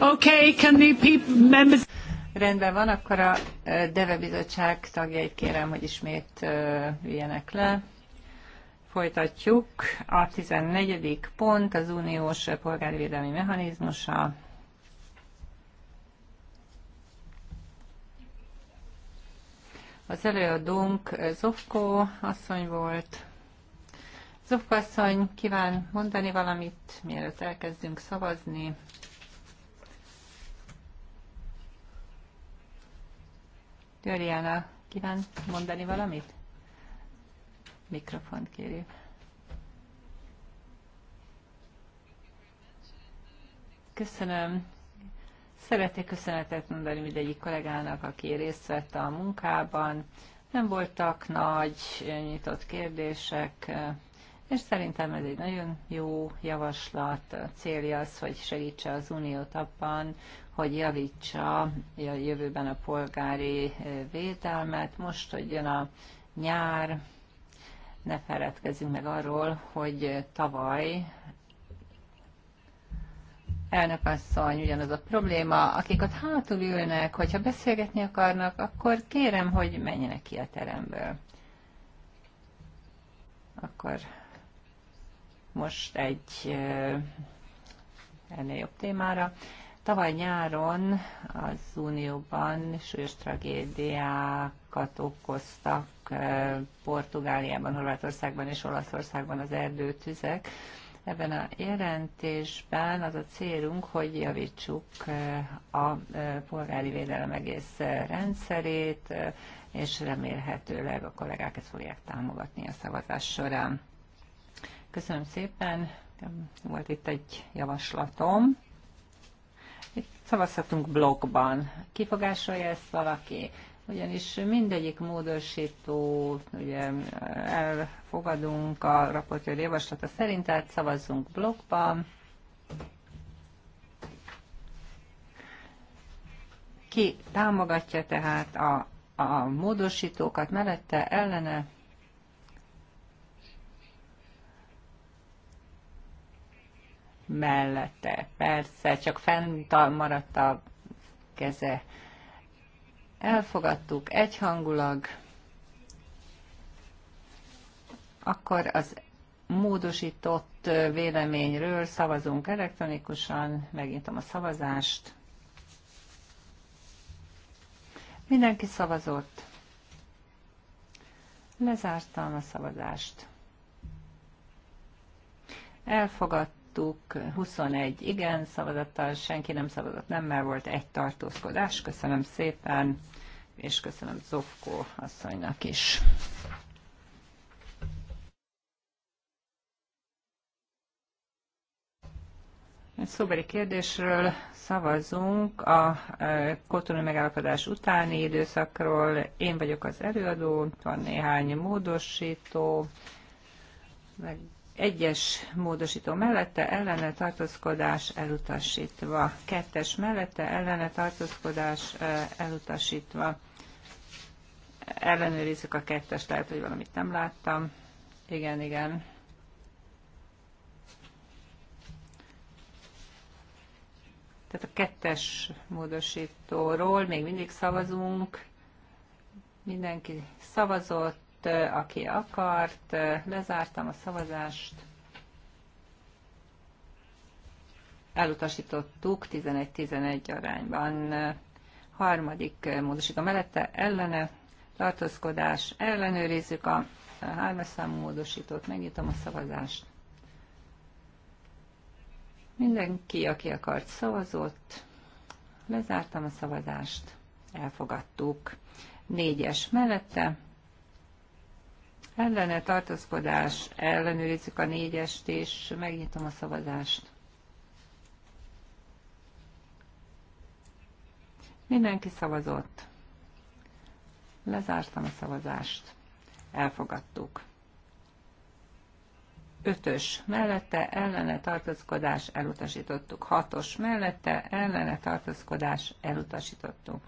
Okay, can the people, members... Rendben van, akkor a DEVE bizottság tagjait kérem, hogy ismét üljenek le. Folytatjuk. A 14. pont az uniós polgárvédelmi mechanizmusa. Az előadónk eh, Zofko asszony volt. Zofko asszony kíván mondani valamit, mielőtt elkezdünk szavazni. Györjána kíván mondani valamit? Mikrofont kérjük. Köszönöm. Szeretnék köszönetet mondani mindegyik kollégának, aki részt vett a munkában. Nem voltak nagy nyitott kérdések, és szerintem ez egy nagyon jó javaslat. A célja az, hogy segítse az uniót abban, hogy javítsa a jövőben a polgári eh, védelmet. Most, hogy jön a nyár, ne feledkezzünk meg arról, hogy eh, tavaly elnök asszony, ugyanaz a probléma. Akik ott hátul ülnek, hogyha beszélgetni akarnak, akkor kérem, hogy menjenek ki a teremből. Akkor most egy ennél jobb témára. Tavaly nyáron az Unióban súlyos tragédiákat okoztak Portugáliában, Horvátországban és Olaszországban az erdőtüzek. Ebben a jelentésben az a célunk, hogy javítsuk eh, a eh, polgári védelem egész eh, rendszerét, és remélhetőleg a kollégák ezt fogják támogatni a szavazás során. Köszönöm szépen, volt itt egy javaslatom. Itt szavazhatunk blogban. Kifogásolja ezt valaki? ugyanis mindegyik módosító, ugye elfogadunk a raportőr javaslata szerint, tehát szavazzunk blokkban. Ki támogatja tehát a, a módosítókat mellette, ellene, mellette. Persze, csak fent maradt a keze elfogadtuk egyhangulag, akkor az módosított véleményről szavazunk elektronikusan, megnyitom a szavazást. Mindenki szavazott. Lezártam a szavazást. Elfogadt elfogadtuk, 21 igen szavazattal, senki nem szavazott nem mert volt egy tartózkodás. Köszönöm szépen, és köszönöm Zofko asszonynak is. Egy szóbeli kérdésről szavazunk a e, kotonai megállapodás utáni időszakról. Én vagyok az előadó, van néhány módosító, meg egyes módosító mellette ellene tartózkodás elutasítva. Kettes mellette ellene tartózkodás elutasítva. Ellenőrizzük a kettes, lehet, hogy valamit nem láttam. Igen, igen. tehát a kettes módosítóról még mindig szavazunk. Mindenki szavazott, aki akart. Lezártam a szavazást. Elutasítottuk 11-11 arányban. Harmadik módosító mellette ellene tartózkodás. Ellenőrizzük a hármas számú módosítót. Megnyitom a szavazást. Mindenki, aki akart, szavazott. Lezártam a szavazást. Elfogadtuk. Négyes mellette Ellene tartózkodás, ellenőrizzük a négyest, és megnyitom a szavazást. Mindenki szavazott. Lezártam a szavazást. Elfogadtuk. Ötös mellette ellene tartózkodás elutasítottuk. Hatos mellette ellene tartózkodás elutasítottuk.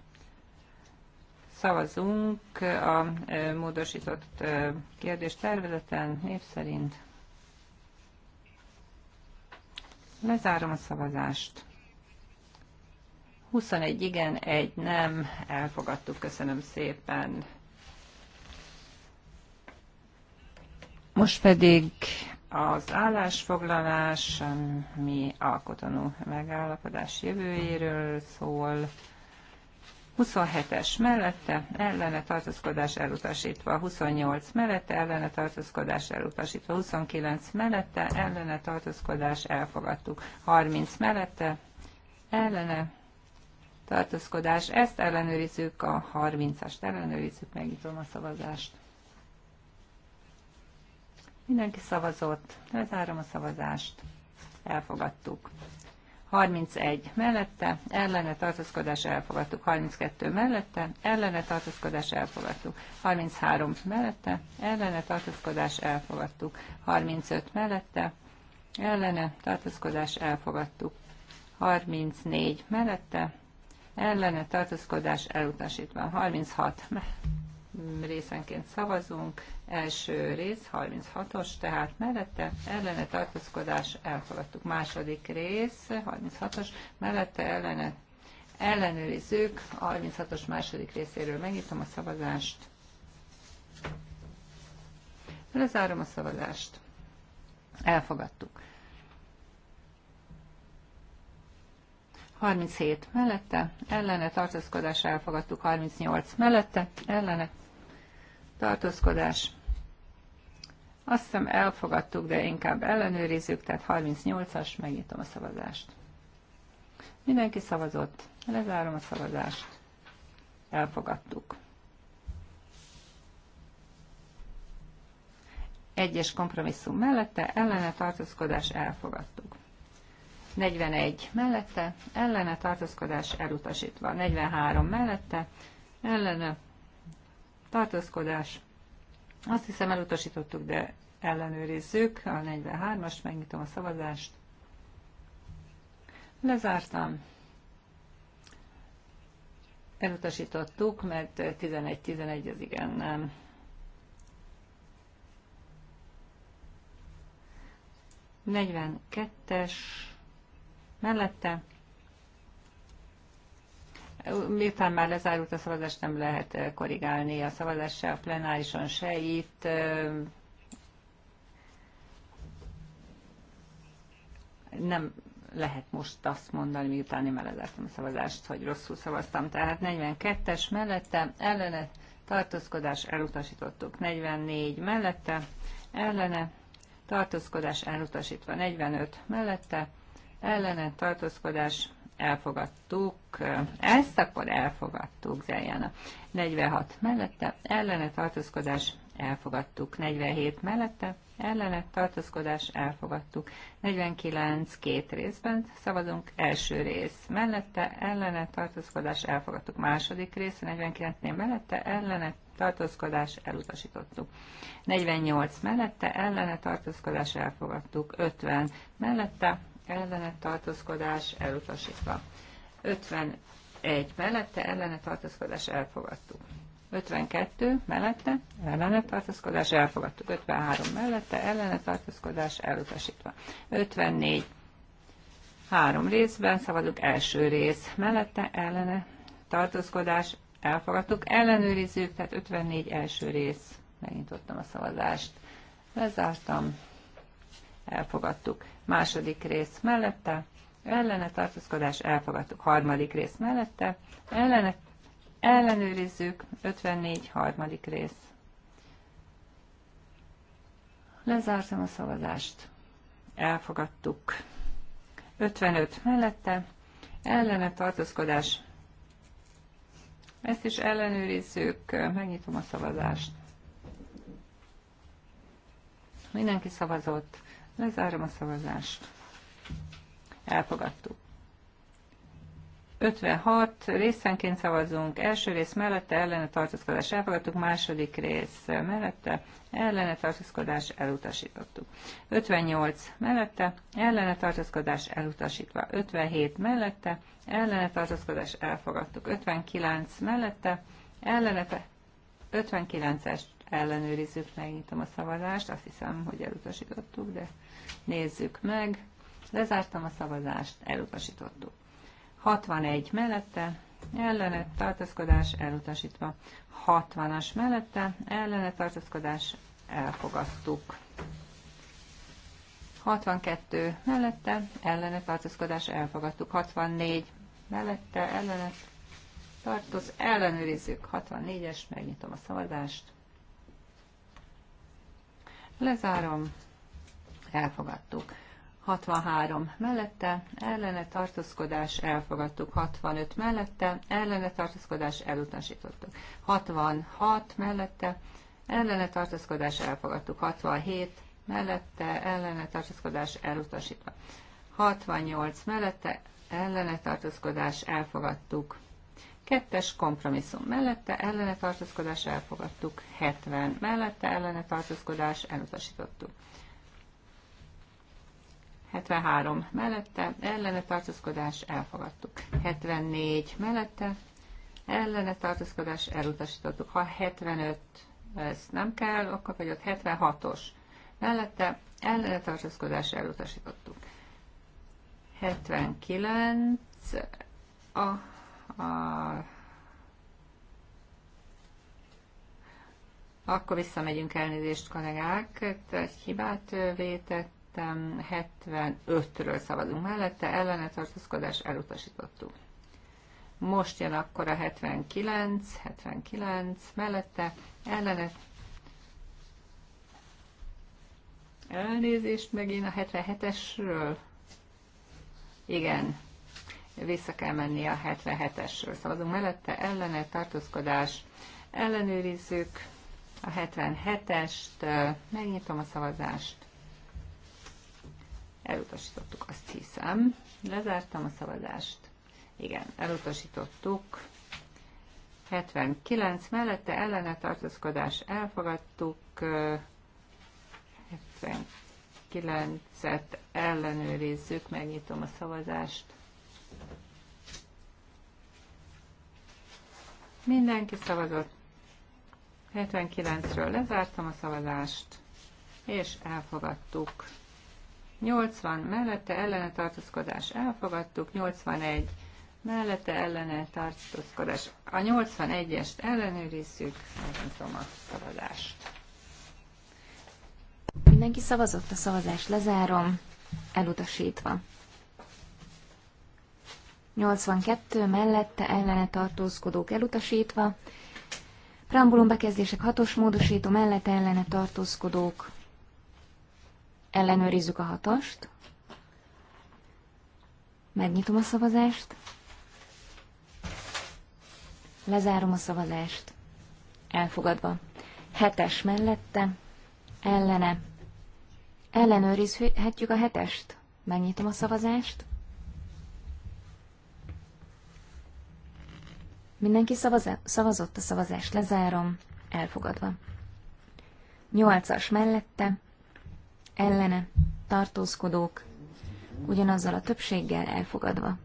Szavazunk a módosított kérdés tervezeten név szerint. Lezárom a szavazást. 21 igen, egy nem. Elfogadtuk, köszönöm szépen. Most pedig az állásfoglalás, mi alkotanú megállapodás jövőjéről szól. 27-es mellette ellene tartózkodás elutasítva, 28 mellette ellene tartózkodás elutasítva, 29 mellette ellene tartózkodás elfogadtuk, 30 mellette ellene tartózkodás. Ezt ellenőrizzük, a 30-ast ellenőrizzük, megnyitom a szavazást. Mindenki szavazott, lezárom a szavazást, elfogadtuk. 31 mellette, ellene tartózkodás elfogadtuk. 32 mellette, ellene tartózkodás elfogadtuk. 33 mellette, ellene tartózkodás elfogadtuk. 35 mellette, ellene tartózkodás elfogadtuk. 34 mellette, ellene tartózkodás elutasítva. 36 részenként szavazunk. Első rész, 36-os, tehát mellette ellene tartózkodás elfogadtuk. Második rész, 36-os, mellette ellene ellenőrizzük. 36-os második részéről megnyitom a szavazást. Lezárom a szavazást. Elfogadtuk. 37 mellette, ellene tartózkodás elfogadtuk 38 mellette, ellene tartózkodás. Azt hiszem elfogadtuk, de inkább ellenőrizzük, tehát 38-as, megnyitom a szavazást. Mindenki szavazott, lezárom a szavazást, elfogadtuk. Egyes kompromisszum mellette, ellene tartózkodás, elfogadtuk. 41 mellette, ellene tartózkodás elutasítva. 43 mellette, ellene tartózkodás. Azt hiszem elutasítottuk, de ellenőrizzük a 43 as megnyitom a szavazást. Lezártam. Elutasítottuk, mert 11-11 az igen nem. Negyvenkettes mellette miután már lezárult a szavazás, nem lehet eh, korrigálni a szavazás se a plenárison, se itt. Eh, nem lehet most azt mondani, miután én már lezártam a szavazást, hogy rosszul szavaztam. Tehát 42-es mellette, ellene, tartózkodás elutasítottuk. 44 mellette, ellene, tartózkodás elutasítva. 45 mellette, ellene, tartózkodás elfogadtuk ezt, akkor elfogadtuk Zeljana. 46 mellette, ellene tartózkodás, elfogadtuk. 47 mellette, ellene tartózkodás, elfogadtuk. 49 két részben szavazunk, első rész mellette, ellene tartózkodás, elfogadtuk. Második rész, 49-nél mellette, ellene tartózkodás, elutasítottuk. 48 mellette, ellene tartózkodás, elfogadtuk. 50 mellette, ellene tartózkodás elutasítva. 51 mellette ellene tartózkodás elfogadtuk. 52 mellette ellene tartózkodás elfogadtuk. 53 mellette ellene tartózkodás elutasítva. 54 három részben szavazunk első rész mellette ellene tartózkodás elfogadtuk. Ellenőrizzük, tehát 54 első rész. Megnyitottam a szavazást. Lezártam elfogadtuk. Második rész mellette, ellene tartózkodás, elfogadtuk. Harmadik rész mellette, ellene, ellenőrizzük, 54. harmadik rész. Lezártam a szavazást. Elfogadtuk. 55 mellette, ellene tartózkodás. Ezt is ellenőrizzük, megnyitom a szavazást. Mindenki szavazott. Lezárom a szavazást. Elfogadtuk. 56 részenként szavazunk. Első rész mellette ellene tartózkodás elfogadtuk, második rész mellette ellene tartózkodás elutasítottuk. 58 mellette ellene tartózkodás elutasítva. 57 mellette ellene tartózkodás elfogadtuk. 59 mellette ellene 59-est ellenőrizzük, megnyitom a szavazást. Azt hiszem, hogy elutasítottuk, de Nézzük meg. Lezártam a szavazást, elutasítottuk. 61 mellette, ellene tartózkodás elutasítva. 60-as mellette, ellene tartózkodás elfogadtuk. 62 mellette, ellene tartózkodás elfogadtuk. 64 mellette, ellene tartoz, ellenőrizzük. 64-es, megnyitom a szavazást. Lezárom elfogadtuk. 63 mellette, ellene tartózkodás elfogadtuk, 65 mellette, ellene tartózkodás elutasítottuk, 66 mellette, ellene tartózkodás elfogadtuk, 67 mellette, ellene tartózkodás elutasítva, 68 mellette, ellene tartózkodás elfogadtuk, kettes kompromisszum mellette, ellene tartózkodás elfogadtuk, 70 mellette, ellene tartózkodás elutasítottuk. 73 mellette, ellene tartózkodás elfogadtuk. 74 mellette, ellene tartózkodás elutasítottuk. Ha 75, ez nem kell, akkor vagy ott 76-os mellette, ellene tartózkodás elutasítottuk. 79 a, a akkor visszamegyünk elnézést, kollégák, egy hibát vétett, értem, 75-ről szavazunk mellette, ellene tartózkodás elutasítottuk. Most jön akkor a 79, 79 mellette, ellene elnézést megint a 77-esről. Igen, vissza kell menni a 77-esről. Szavazunk mellette, ellene tartózkodás, ellenőrizzük a 77-est, megnyitom a szavazást. Elutasítottuk, azt hiszem. Lezártam a szavazást. Igen, elutasítottuk. 79 mellette ellene tartózkodás elfogadtuk. 79-et ellenőrizzük, megnyitom a szavazást. Mindenki szavazott. 79-ről lezártam a szavazást, és elfogadtuk. 80 mellette ellene tartózkodás elfogadtuk, 81 mellette ellene tartózkodás. A 81-est ellenőrizzük, megnyitom a szavazást. Mindenki szavazott, a szavazás lezárom, elutasítva. 82 mellette ellene tartózkodók elutasítva, preambulum bekezdések hatos módosító mellette ellene tartózkodók Ellenőrizzük a hatast. Megnyitom a szavazást. Lezárom a szavazást. Elfogadva. Hetes mellette. Ellene. Ellenőrizhetjük a hetest. Megnyitom a szavazást. Mindenki szavazott a szavazást. Lezárom. Elfogadva. Nyolcas mellette ellene tartózkodók ugyanazzal a többséggel elfogadva.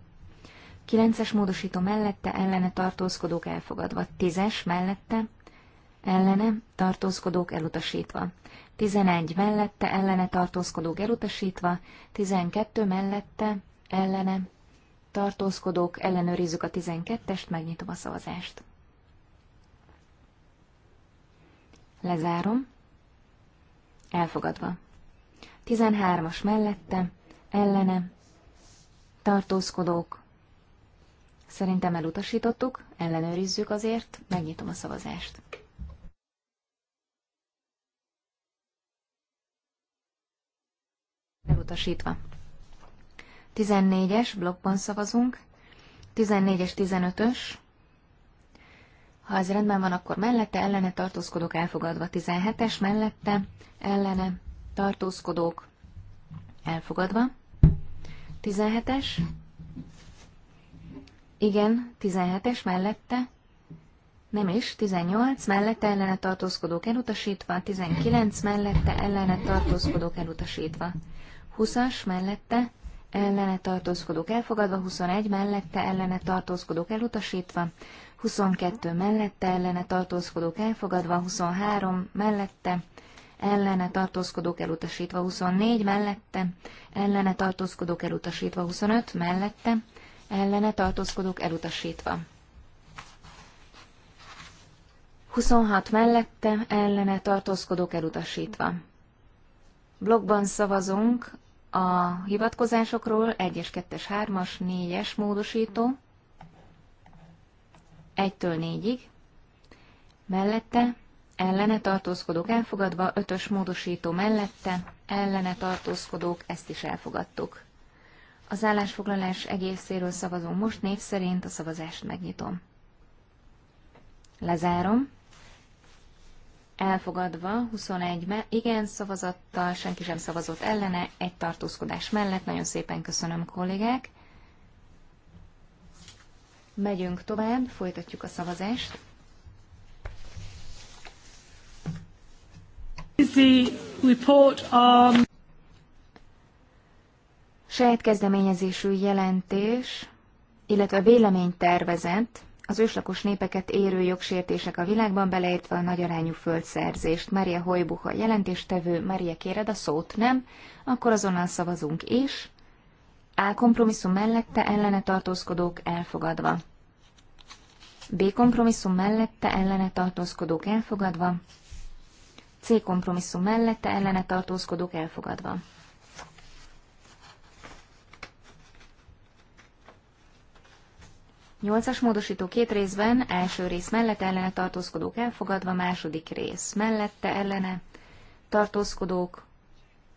9-es módosító mellette ellene tartózkodók elfogadva, 10-es mellette ellene tartózkodók elutasítva, 11 mellette ellene tartózkodók elutasítva, 12 mellette ellene tartózkodók ellenőrizzük a 12-est, megnyitom a szavazást. Lezárom. Elfogadva. Tizenhármas mellette, ellene, tartózkodók, szerintem elutasítottuk, ellenőrizzük azért, megnyitom a szavazást. Elutasítva. 14-es blokkban szavazunk, 14-es, 15-ös, ha ez rendben van, akkor mellette, ellene tartózkodok elfogadva 17-es, mellette, ellene tartózkodók, elfogadva. 17-es, igen, 17-es mellette, nem is, 18 mellette ellene tartózkodók elutasítva, 19 mellette ellene tartózkodók elutasítva, 20-as mellette ellene tartózkodók elfogadva, 21 mellette ellene tartózkodók elutasítva, 22 mellette ellene tartózkodók elfogadva, 23 mellette ellene tartózkodók elutasítva 24, mellette, ellene tartózkodók elutasítva 25, mellette, ellene tartózkodók elutasítva. 26 mellette, ellene tartózkodók elutasítva. Blogban szavazunk a hivatkozásokról 1-es, 2-es, 3-as, 4-es módosító, 1-től 4-ig, mellette, ellene tartózkodók elfogadva, ötös módosító mellette, ellene tartózkodók, ezt is elfogadtuk. Az állásfoglalás egészéről szavazunk most, név szerint a szavazást megnyitom. Lezárom. Elfogadva, 21 me igen szavazattal, senki sem szavazott ellene, egy tartózkodás mellett, nagyon szépen köszönöm kollégák. Megyünk tovább, folytatjuk a szavazást. The Saját kezdeményezésű jelentés, illetve véleménytervezet az őslakos népeket érő jogsértések a világban beleértve a nagyarányú földszerzést. Maria Hojbuha jelentéstevő, Maria kéred a szót, nem? Akkor azonnal szavazunk és A kompromisszum mellette ellene tartózkodók elfogadva. B kompromisszum mellette ellene tartózkodók elfogadva. C kompromisszum mellette ellene tartózkodók elfogadva. Nyolcas módosító két részben, első rész mellette ellene tartózkodók elfogadva, második rész mellette ellene tartózkodók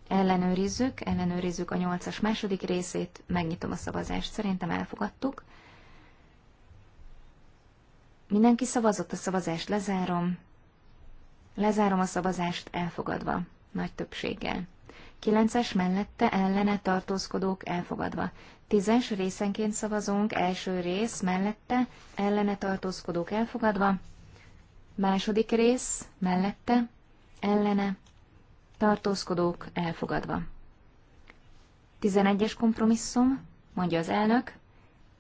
ellenőrizzük, ellenőrizzük a nyolcas második részét, megnyitom a szavazást, szerintem elfogadtuk. Mindenki szavazott, a szavazást lezárom, Lezárom a szavazást elfogadva, nagy többséggel. Kilences mellette ellene tartózkodók elfogadva. Tízes részenként szavazunk, első rész mellette ellene tartózkodók elfogadva. Második rész mellette ellene tartózkodók elfogadva. Tizenegyes kompromisszum, mondja az elnök,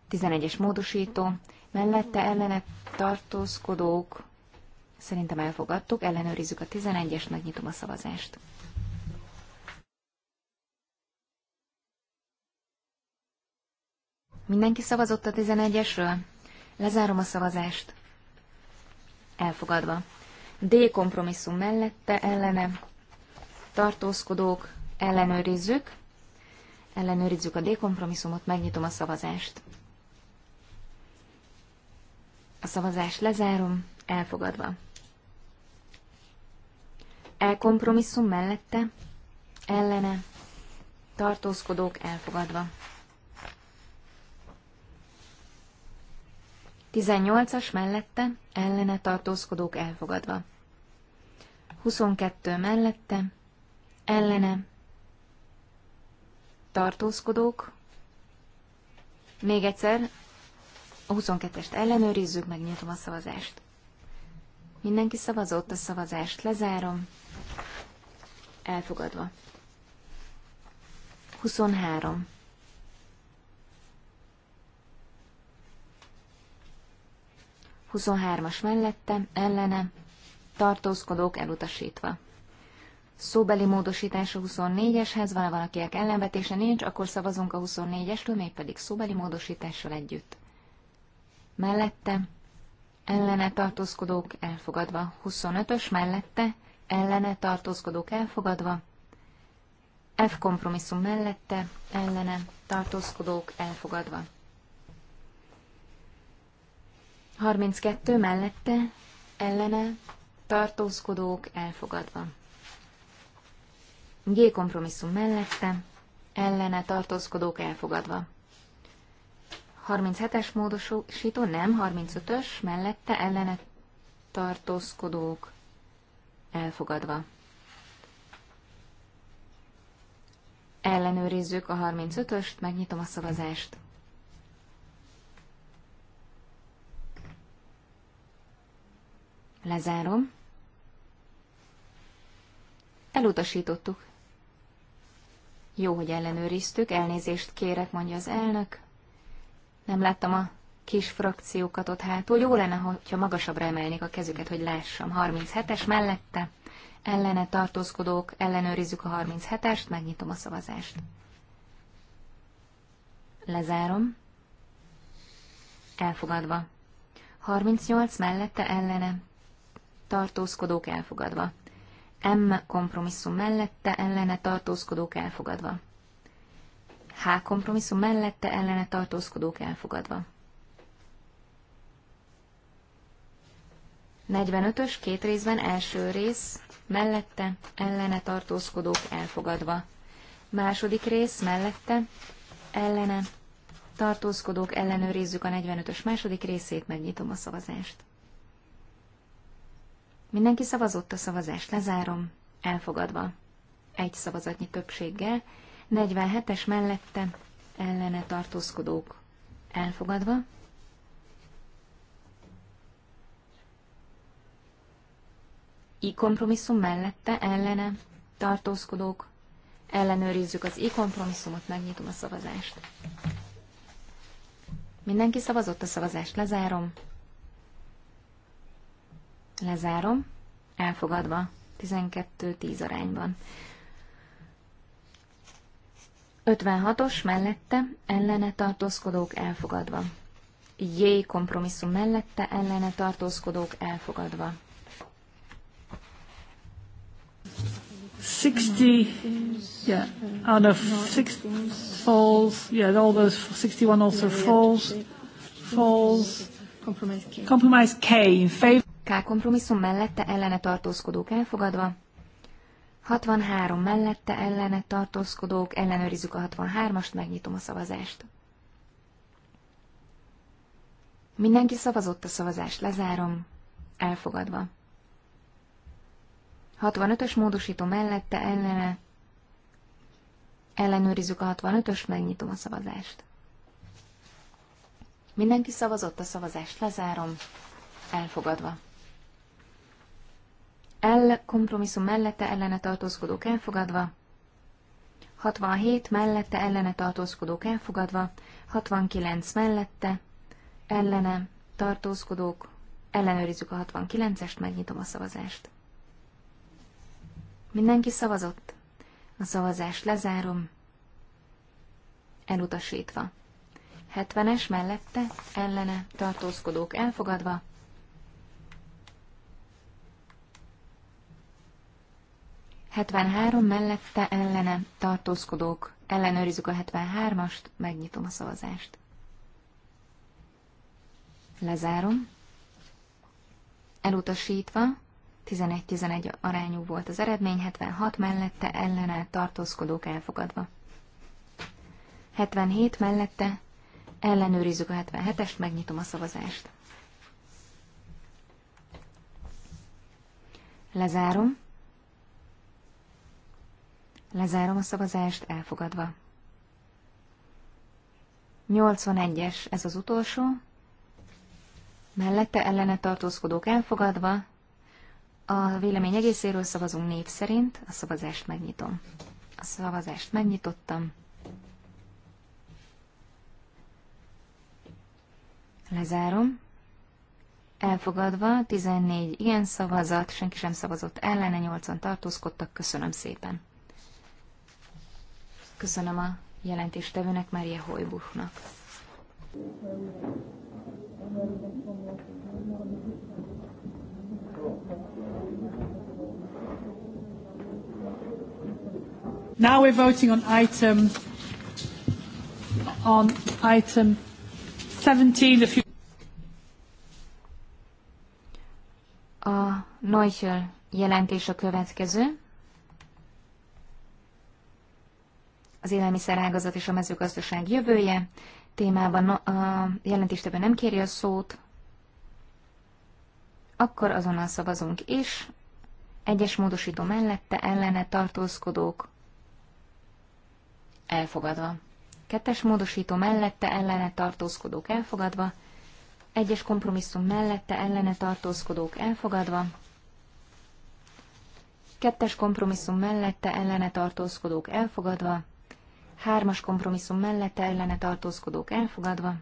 Tizenegyes módosító, mellette ellene tartózkodók Szerintem elfogadtuk, ellenőrizzük a 11-es, megnyitom a szavazást. Mindenki szavazott a 11-esről? Lezárom a szavazást. Elfogadva. D kompromisszum mellette, ellene, tartózkodók, ellenőrizzük. Ellenőrizzük a D kompromisszumot, megnyitom a szavazást. A szavazást lezárom, elfogadva elkompromisszum mellette, ellene, tartózkodók elfogadva. 18-as mellette, ellene tartózkodók elfogadva. 22 mellette, ellene tartózkodók. Még egyszer, a 22-est ellenőrizzük, megnyitom a szavazást. Mindenki szavazott, a szavazást lezárom elfogadva. 23. Huszonhármas mellette, ellene, tartózkodók elutasítva. Szóbeli a 24-eshez, van -e valakinek ellenvetése nincs, akkor szavazunk a 24 estől mégpedig szóbeli módosítással együtt. Mellette, ellene tartózkodók elfogadva, 25-ös mellette, ellene tartózkodók elfogadva, F kompromisszum mellette, ellene tartózkodók elfogadva. 32 mellette, ellene tartózkodók elfogadva. G kompromisszum mellette, ellene tartózkodók elfogadva. 37-es módosító nem, 35-ös mellette ellene tartózkodók elfogadva. Ellenőrizzük a 35-öst, megnyitom a szavazást. Lezárom. Elutasítottuk. Jó, hogy ellenőriztük, elnézést kérek, mondja az elnök. Nem láttam a kis frakciókat ott hátul. Jó lenne, ha magasabbra emelnék a kezüket, hogy lássam. 37-es mellette, ellene tartózkodók, ellenőrizzük a 37-est, megnyitom a szavazást. Lezárom. Elfogadva. 38 mellette ellene tartózkodók elfogadva. M kompromisszum mellette ellene tartózkodók elfogadva. H kompromisszum mellette ellene tartózkodók elfogadva. 45-ös két részben első rész, mellette ellene tartózkodók elfogadva. Második rész mellette ellene tartózkodók ellenőrizzük a 45-ös második részét, megnyitom a szavazást. Mindenki szavazott a szavazást, lezárom, elfogadva. Egy szavazatnyi többséggel, 47-es mellette ellene tartózkodók elfogadva, i kompromisszum mellette ellene tartózkodók. Ellenőrizzük az i kompromisszumot, megnyitom a szavazást. Mindenki szavazott a szavazást, lezárom. Lezárom. Elfogadva. 12-10 arányban. 56-os mellette ellene tartózkodók elfogadva. J kompromisszum mellette ellene tartózkodók elfogadva. 60, yeah, out of six falls, yeah, all those 61 also falls, falls. Compromise K in favor. K kompromisszum mellette ellene tartózkodók elfogadva. 63 mellette ellene tartózkodók, ellenőrizzük a 63-ast, megnyitom a szavazást. Mindenki szavazott a szavazást, lezárom, elfogadva. 65-ös módosító mellette ellene. Ellenőrizzük a 65-ös, megnyitom a szavazást. Mindenki szavazott, a szavazást lezárom. Elfogadva. El kompromisszum mellette ellene tartózkodók elfogadva. 67 mellette ellene tartózkodók elfogadva. 69 mellette ellene tartózkodók. Ellenőrizzük a 69-est, megnyitom a szavazást. Mindenki szavazott? A szavazást lezárom. Elutasítva. 70-es mellette, ellene, tartózkodók elfogadva. Hetvenhárom mellette, ellene, tartózkodók. Ellenőrizzük a 73-ast, megnyitom a szavazást. Lezárom. Elutasítva, 11-11 arányú volt az eredmény, 76 mellette ellenállt tartózkodók elfogadva. 77 mellette ellenőrizzük a 77-est, megnyitom a szavazást. Lezárom. Lezárom a szavazást, elfogadva. 81-es, ez az utolsó. Mellette ellene tartózkodók elfogadva, a vélemény egészéről szavazunk név szerint, a szavazást megnyitom. A szavazást megnyitottam. Lezárom. Elfogadva 14 igen szavazat, senki sem szavazott ellene, 80 tartózkodtak, köszönöm szépen. Köszönöm a jelentéstevőnek, Mária Hojbuchnak. Thank you. Now we're voting on item on item 17 if you A Neuchel jelentés a következő. Az élelmiszerágazat és a mezőgazdaság jövője. Témában a jelentéstevő nem kéri a szót, akkor azonnal szavazunk is. Egyes módosító mellette ellene tartózkodók elfogadva. Kettes módosító mellette ellene tartózkodók elfogadva. Egyes kompromisszum mellette ellene tartózkodók elfogadva. Kettes kompromisszum mellette ellene tartózkodók elfogadva. Hármas kompromisszum mellette ellene tartózkodók elfogadva.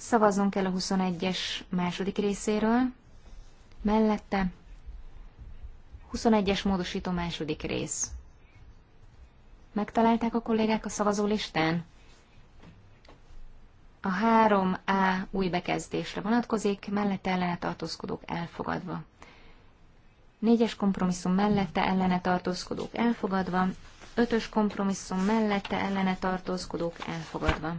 Szavazzunk el a 21-es második részéről. Mellette 21-es módosító második rész. Megtalálták a kollégák a szavazólistán? A 3A új bekezdésre vonatkozik, mellette ellene tartózkodók elfogadva. Négyes kompromisszum mellette ellene tartózkodók elfogadva, ötös kompromisszum mellette ellene tartózkodók elfogadva.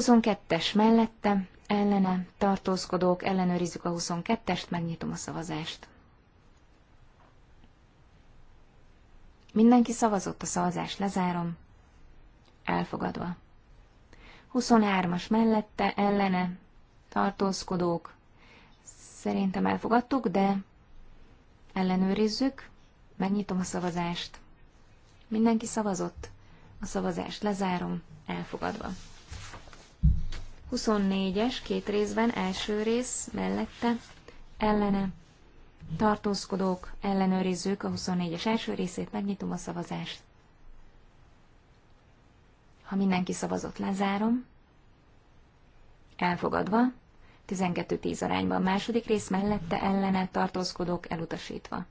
22-es mellette, ellene, tartózkodók, ellenőrizzük a 22-est, megnyitom a szavazást. Mindenki szavazott a szavazást, lezárom. Elfogadva. 23-as mellette, ellene, tartózkodók. Szerintem elfogadtuk, de ellenőrizzük. Megnyitom a szavazást. Mindenki szavazott. A szavazást lezárom, elfogadva. 24-es két részben első rész mellette ellene tartózkodók ellenőrizzük a 24-es első részét, megnyitom a szavazást. Ha mindenki szavazott, lezárom. Elfogadva. 12-10 arányban második rész mellette ellene tartózkodók elutasítva.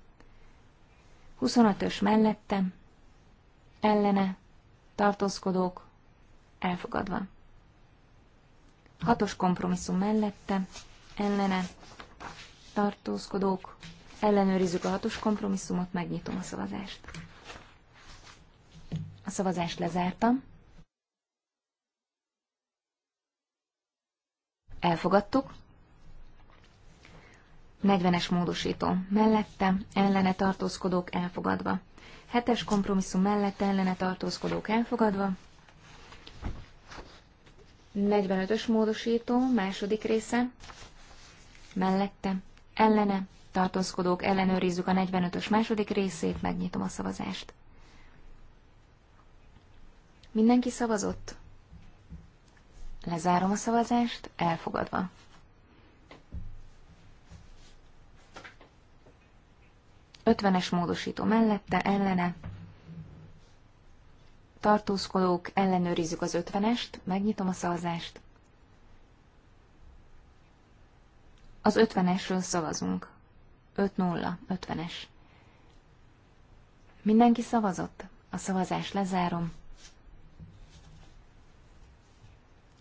25-ös mellette ellene tartózkodók elfogadva. Hatos kompromisszum mellette, ellene, tartózkodók, ellenőrizzük a hatos kompromisszumot, megnyitom a szavazást. A szavazást lezártam. Elfogadtuk. 40-es módosító. Mellette, ellene tartózkodók elfogadva. 7-es kompromisszum mellette ellene tartózkodók elfogadva. 45-ös módosító, második része, mellette, ellene, tartózkodók, ellenőrizzük a 45-ös második részét, megnyitom a szavazást. Mindenki szavazott? Lezárom a szavazást, elfogadva. Ötvenes módosító mellette, ellene, tartózkodók, ellenőrizzük az ötvenest, megnyitom a szavazást. Az 50-esről szavazunk. ötvenesről szavazunk 5 0 50 Mindenki szavazott? A szavazást lezárom.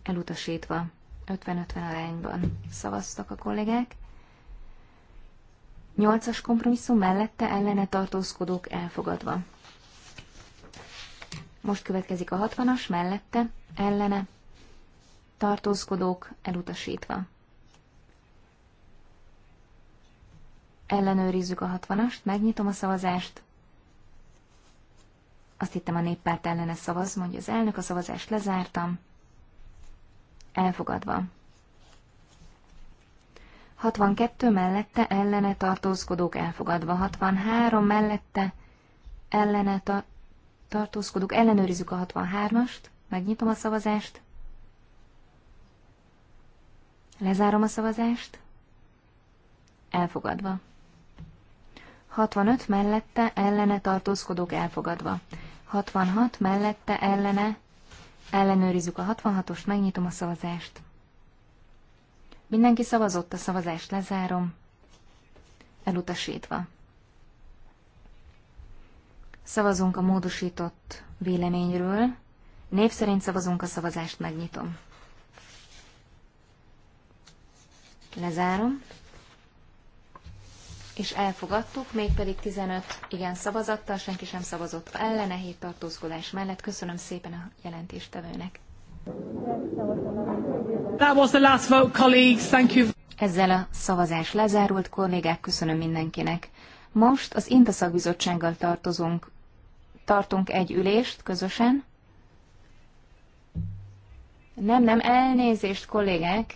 Elutasítva. 50-50 arányban szavaztak a kollégák. Nyolcas kompromisszum mellette ellene tartózkodók elfogadva. Most következik a hatvanas. mellette, ellene, tartózkodók elutasítva. Ellenőrizzük a hatvanast. megnyitom a szavazást. Azt hittem a néppárt ellene szavaz, mondja az elnök, a szavazást lezártam. Elfogadva. 62 mellette ellene tartózkodók elfogadva, 63 mellette ellene tartózkodók tartózkodók, ellenőrizzük a 63-ast, megnyitom a szavazást, lezárom a szavazást, elfogadva. 65 mellette ellene tartózkodók elfogadva. 66 mellette ellene ellenőrizzük a 66-ost, megnyitom a szavazást. Mindenki szavazott, a szavazást lezárom, elutasítva. Szavazunk a módosított véleményről. Név szerint szavazunk a szavazást, megnyitom. Lezárom. És elfogadtuk, mégpedig 15 igen szavazattal, senki sem szavazott ellene, hét tartózkodás mellett. Köszönöm szépen a jelentéstevőnek. That was the last vote, colleagues. Thank you. Ezzel a szavazás lezárult, kollégák, köszönöm mindenkinek. Most az Intaszakbizottsággal tartozunk tartunk egy ülést közösen. Nem, nem, elnézést, kollégák!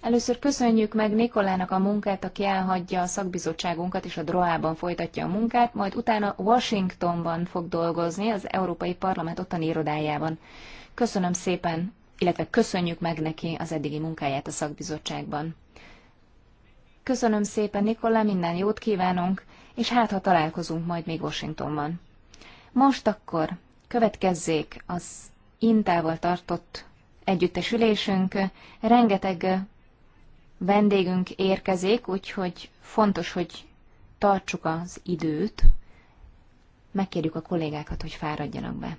Először köszönjük meg Nikolának a munkát, aki elhagyja a szakbizottságunkat és a Droában folytatja a munkát, majd utána Washingtonban fog dolgozni, az Európai Parlament ottani irodájában. Köszönöm szépen, illetve köszönjük meg neki az eddigi munkáját a szakbizottságban. Köszönöm szépen, Nikolá, minden jót kívánunk, és hát ha találkozunk majd még Washingtonban. Most akkor következzék az Intával tartott együttesülésünk. Rengeteg vendégünk érkezik, úgyhogy fontos, hogy tartsuk az időt. Megkérjük a kollégákat, hogy fáradjanak be.